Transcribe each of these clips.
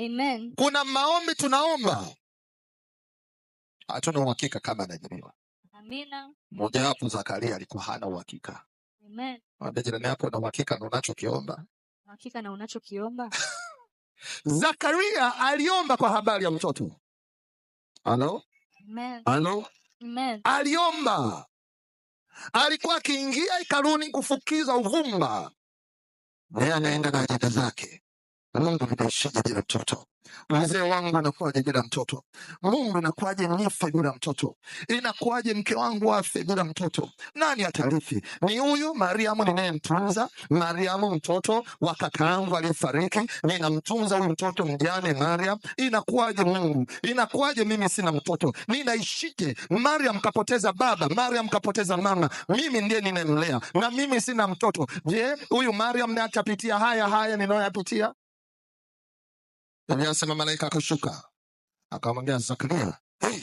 Amen. Kuna maombi tunaomba hatuna uhakika kama anajibiwa. Amina. wapo Zakaria alikuwa hana uhakika. Amen. Mwambie jirani yako na uhakika na unachokiomba. Uhakika na unachokiomba. Zakaria aliomba kwa habari ya mtoto. Halo? Amen. Halo? Amen. Aliomba. Alikuwa akiingia ikaruni kufukiza uvumba. Naye anaenda na ajenda zake. Mungu nitaishije bila mtoto? Mzee wangu anakuwaje bila mtoto? Mume anakuwaje nife bila mtoto? Inakuwaje mke wangu afe bila mtoto? Nani atarithi? Ni huyu Mariamu ninayemtunza, Mariamu mtoto wa kaka yangu aliyefariki, ninamtunza huyu mtoto mjane Mariam. Inakuwaje Mungu? Inakuwaje mimi sina mtoto? Ninaishije? Mariam kapoteza baba, Mariam kapoteza mama, mimi ndiye ninayemlea na mimi sina mtoto. Je, huyu Mariam naye atapitia haya haya ninayoyapitia? Anasema malaika akashuka akamwambia Zakaria, hey,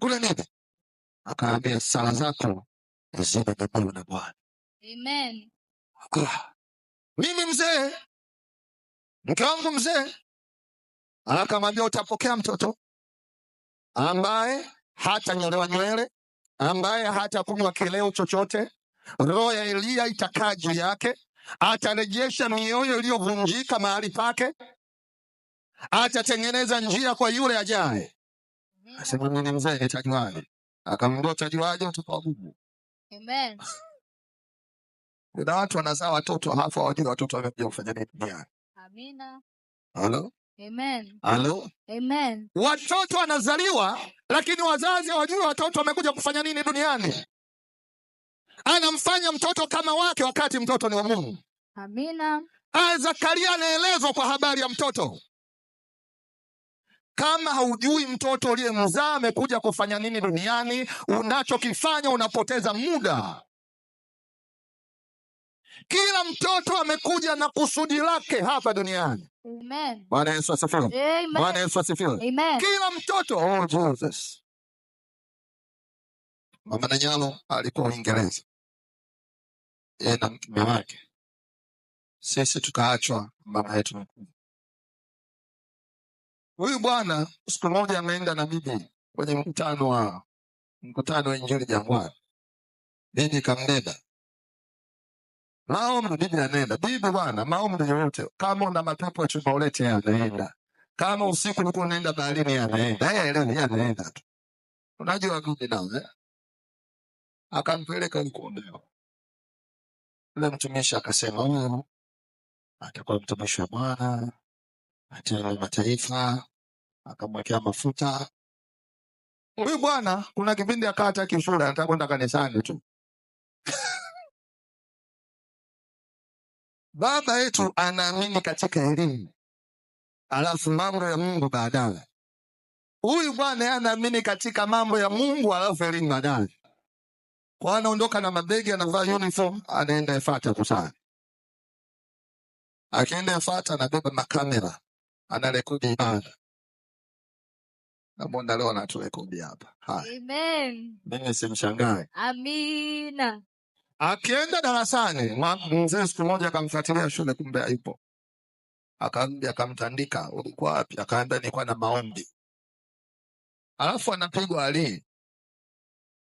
kula nini? Akaambia sala zako zimejibiwa na Bwana. Amen. Mimi mzee, mke wangu mzee akamwambia utapokea mtoto ambaye hata nyolewa nywele, ambaye hata kunywa kileo chochote, roho ya Eliya itakaa juu yake, atarejesha mioyo iliyovunjika mahali pake atatengeneza njia kwa yule ajaye. Asema mwenye mzee tajuaje, akamwambia tajuaje? Utakabubu. Amen. Kuna watu wanazaa watoto halafu hawajui watoto wamekuja kufanya nini duniani. Amina. Halo. Amen. Halo. Amen. Watoto wanazaliwa lakini wazazi hawajui watoto wamekuja kufanya nini duniani. Anamfanya mtoto kama wake wakati mtoto ni wa Mungu. Amina. Zakaria anaelezwa kwa habari ya mtoto kama haujui mtoto uliye mzaa amekuja kufanya nini duniani, unachokifanya unapoteza muda. Kila mtoto amekuja na kusudi lake hapa duniani. Bwana Yesu asifiwe. Yesu asifiwe. Kila mtoto oh, Jesus. Mama Nanyalo alikuwa Uingereza, yeye na mtume wake. Sisi tukaachwa mama yetu mkuu Huyu bwana siku moja ameenda na mimi kwenye mkutano wa mkutano wa Injili Jangwani, bibi kambeba maombi. Bibi anaenda bibi, bwana maombi yoyote, kama una mapepo ya chumba ulete, anaenda. Kama usiku ulikuwa unaenda baharini, anaenda. Yeye elewa, yeye anaenda tu, unajua bibi nao eh. Akampeleka Lukondewa, ule mtumishi akasema, huyu oh, atakuwa mtumishi wa Bwana Wataalamu wa taifa akamwekea mafuta huyu bwana. Kuna kipindi akaa hata kishule anataka kwenda kanisani tu. Baba yetu anaamini katika elimu, alafu mambo ya Mungu baadaye. Huyu bwana anaamini katika mambo ya Mungu, alafu elimu baadaye. Kwa anaondoka na mabegi, anavaa uniform, anaenda Efata kusali. Akienda Efata anabeba makamera Anarekodi haya. Namwona leo anaturekodi hapa. Haya. Amen. Mimi simshangae. Amina. Akienda darasani, mzee siku moja akamfuatilia shule, kumbe hayupo. Akamja akamtandika, ulikuwa wapi? Akaambia nilikuwa na maombi. Alafu anapigwa alii,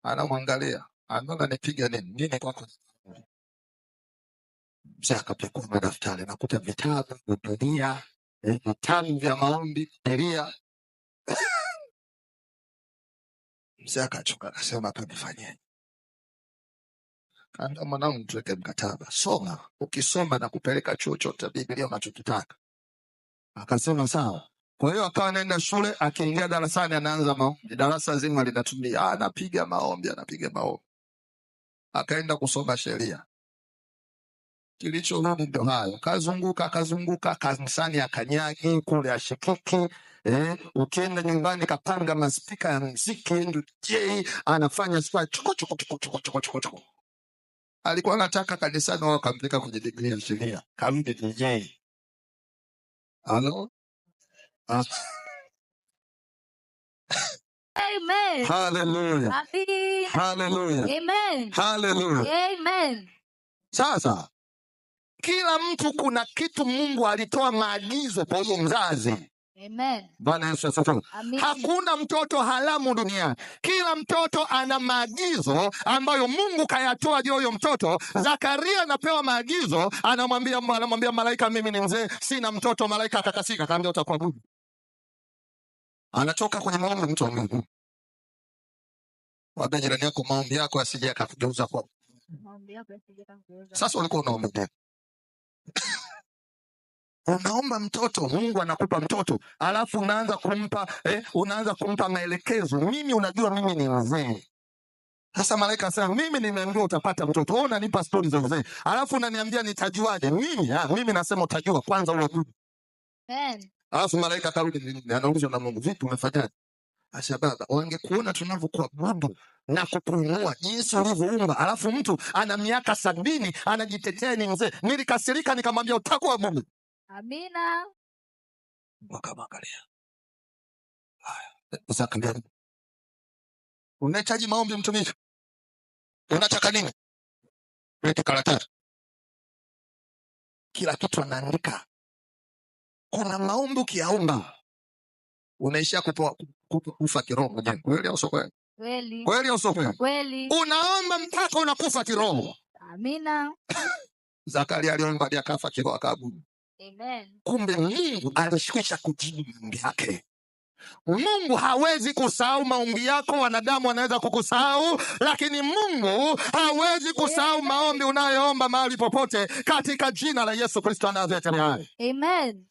anamwangalia, anaona nipiga nini nini kwako. Mzee akapekua madaftari, nakuta vitabu, dunia vitabu eh, vya maombi, Biblia. Mzee akachoka akasema, hapa nifanyeni Kaambia, mwanangu, tuweke mkataba, soma. Ukisoma na kupeleka chuo chote Biblia unachokitaka. Akasema sawa. Kwa hiyo akawa anaenda shule, akiingia darasani anaanza maombi, darasa zima linatumia, anapiga maombi, anapiga maombi. Akaenda kusoma sheria, kilichorudi ndo hayo. Kazunguka kazunguka kanisani, akanyagi kule, ashikiki eh. Ukienda nyumbani, kapanga maspika ya mziki, je anafanya spa choko choko choko choko choko choko choko. Alikuwa anataka kanisani, wao kampeka kwenye digrii ya sheria, karudi DJ halo ah. Amen. Hallelujah. Hallelujah. Amen. Hallelujah. Amen. Sasa kila mtu kuna kitu Mungu alitoa maagizo kwa huyo mzazi. Amen. Yesu Hakuna mtoto haramu duniani. Kila mtoto ana maagizo ambayo Mungu kayatoa juu huyo mtoto. Zakaria anapewa maagizo, anamwambia anamwambia malaika, mimi ni mzee, sina mtoto. Malaika akakasika, akaambia utakuwa bubu. Anatoka kwenye maombi mtu wa Mungu. Wambia jirani yako maombi yako asije akakugeuza kwa sasa ulikuwa unaomba Unaomba mtoto, Mungu anakupa mtoto, alafu unaanza kumpa eh, unaanza kumpa maelekezo. Mimi unajua mimi ni mzee sasa malaika asema mimi nimeambiwa utapata mtoto. Wewe unanipa stori za uzee. Alafu unaniambia nitajuaje? Mimi ah, mimi nasema utajua kwanza ule Amen. Alafu malaika karudi, anaulizwa na Mungu, vipi umefanyaje? Ashababa wangekuona tunavyokuwa babu na kupungua jinsi alivyoumba, alafu mtu ana miaka sabini anajitetea ni mzee. Nilikasirika nikamwambia utakuwa bubu. Amina. Wakamwangalia. Haya, unahitaji maombi mtumishi, unataka nini? Lete karatasi. Kila kitu anaandika. Kuna maombi ukiyaomba unaishia kufa kiroho mwenyewe. Kweli au sio kweli? Kweli. Kweli au sio kweli? Kweli. Unaomba mpaka unakufa kiroho. Amina. Zakaria aliomba ndiye akafa kiroho akaabudu. Amen. Kumbe Mungu alishikisha kujibu maombi yake. Mungu hawezi kusahau maombi yako. Wanadamu wanaweza kukusahau, lakini Mungu hawezi kusahau maombi unayoomba mahali popote, katika jina la Yesu Kristo Amen.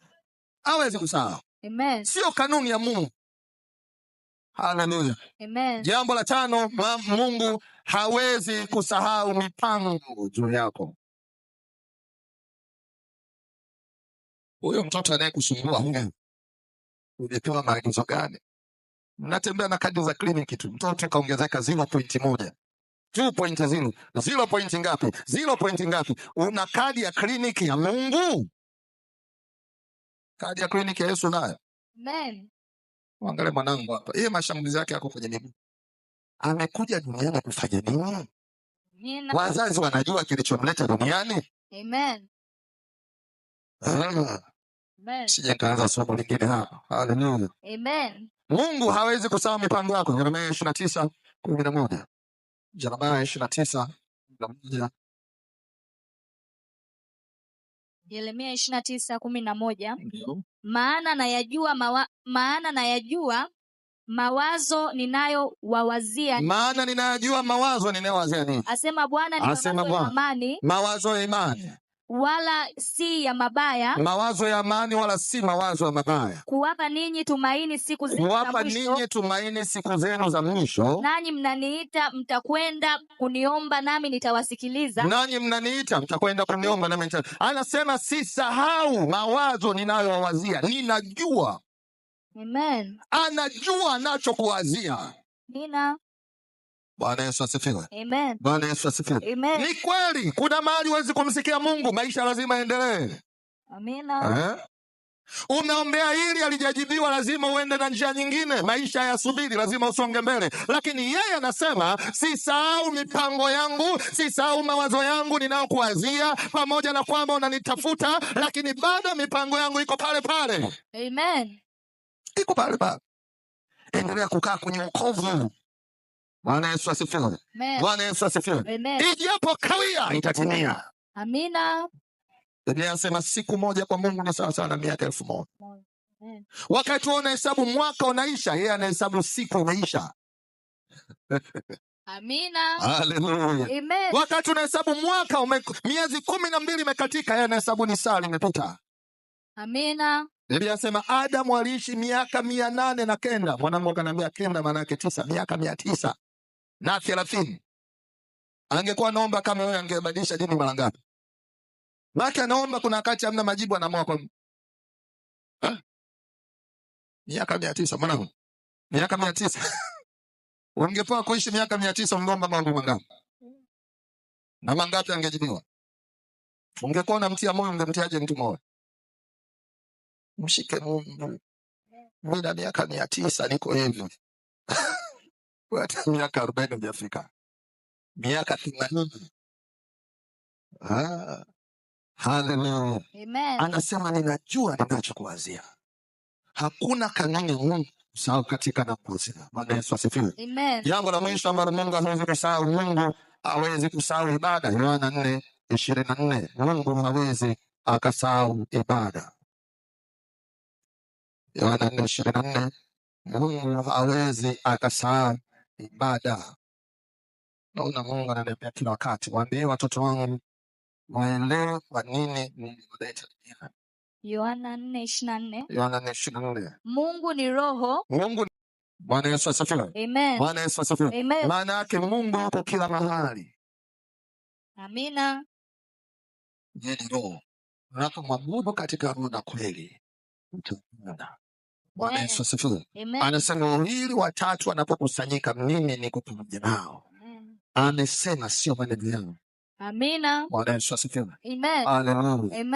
Hawezi kusahau. Amen. Sio kanuni ya Mungu. Haleluya. Amen. Jambo la tano, Mungu hawezi kusahau mipango juu yako. Huyo mtoto anayekusumbua huyu, umepewa maagizo gani? Mnatembea na kadi za kliniki tu, mtoto kaongezeka zero pointi moja tu point zero zero point ngapi? zero point ngapi? Una kadi ya kliniki ya Mungu, kadi ya kliniki ya Yesu nayo. Amen. Angalia mwanangu hapa, yeye mashambulizi yake yako kwenye miguu. Amekuja duniani kufanya nini? Wazazi wanajua kilichomleta duniani. Amen. Ah, sije nikaanza somo lingine hapa. Haleluya. Amen. Mungu hawezi kusahau mipango yako. Yeremia ishirini na tisa kumi na moja Yeremia ishirini na tisa kumi na moja Yeremia ishirini na tisa kumi na moja maana nayajua mawa, maana nayajua mawazo ninayowawazia maana ninayajua mawazo ninayowazia nini? Asema Bwana ni asema mawazo ya mawazo ya imani wala si ya mabaya, mawazo ya amani wala si mawazo ya mabaya, kuwapa ninyi tumaini siku zenu kuwapa ninyi tumaini siku zenu za mwisho. Nanyi mnaniita mtakwenda kuniomba nami nitawasikiliza. Nanyi mnaniita mtakwenda kuniomba nami nita... Anasema sisahau mawazo ninayowazia, ninajua. Amen. Anajua anachokuwazia. Nina Bwana Yesu asifiwe. Amen. Bwana Yesu asifiwe. Amen. Ni kweli kuna mahali huwezi kumsikia Mungu, maisha lazima aendelee Amina. Eh? Umeombea hili alijajibiwa, lazima uende na njia nyingine. Maisha subiri lazima usonge mbele. Lakini yeye anasema sisahau mipango yangu, sisahau mawazo yangu ninayokuwazia, pamoja na kwamba unanitafuta, lakini bado mipango yangu iko pale pale. Amen. Iko pale pale. Endelea kukaa kwenye wokovu. Bwana Yesu asifiwe. Bwana Yesu asifiwe. Ijapo kawia itatimia. Amina. Biblia inasema siku moja kwa Mungu ni sawa sawa na miaka elfu moja. Wakati wewe unahesabu mwaka unaisha, yeye anahesabu siku unaisha. Amina. Haleluya. Wakati unahesabu mwaka ume, miezi kumi na mbili imekatika, yeye anahesabu ni saa limepita. Amina. Biblia inasema Adamu aliishi miaka mia nane na kenda. Mwanangu akaniambia kenda maana yake tisa, miaka mia tisa na thelathini. Angekuwa naomba kama wewe, angebadilisha dini mara ngapi? Maki anaomba, kuna wakati amna majibu, anaamua kwa ah, miaka mia tisa mwanangu, miaka mia tisa ungepewa kuishi miaka mia tisa ungeomba mambo mangapi na mangapi angejibiwa? Ungekuwa unamtia moyo, ungemtiaje mtu moyo? Mshike Mungu, mi na miaka mia tisa niko hivyo hata miaka arobaini hujafika, miaka themanini. Ah, haleluya! Amen. Anasema ninajua ninachokuwazia. Hakuna kanuni Mungu sawa katika nakuwazia. Bwana Yesu asifiwe. Amen. Jambo la mwisho ambalo Mungu hawezi kusahau, Mungu hawezi kusahau ibada. Yohana nne ishirini na nne. Mungu hawezi akasahau ibada. Yohana nne ishirini na nne. Mungu hawezi akasahau ibada. Naona Mungu ananiambia kila wakati, waambie watoto wangu waelewe kwa nini Mungu analeta dira. Yohana 4:24. Yohana 4:24. Mungu ni roho. Mungu ni- Bwana Yesu asifiwe. Amen. Bwana Yesu asifiwe. Amen. Maana yake Mungu yuko kila mahali. Amina. Yeye ni roho. Unapomwabudu katika roho na kweli, utaona Bwana Yesu asifiwe. Anasema wawili watatu wanapokusanyika mimi niko pamoja nao. Amesema sio maneno yangu. Amina. Bwana Yesu asifiwe. Amen. Amen.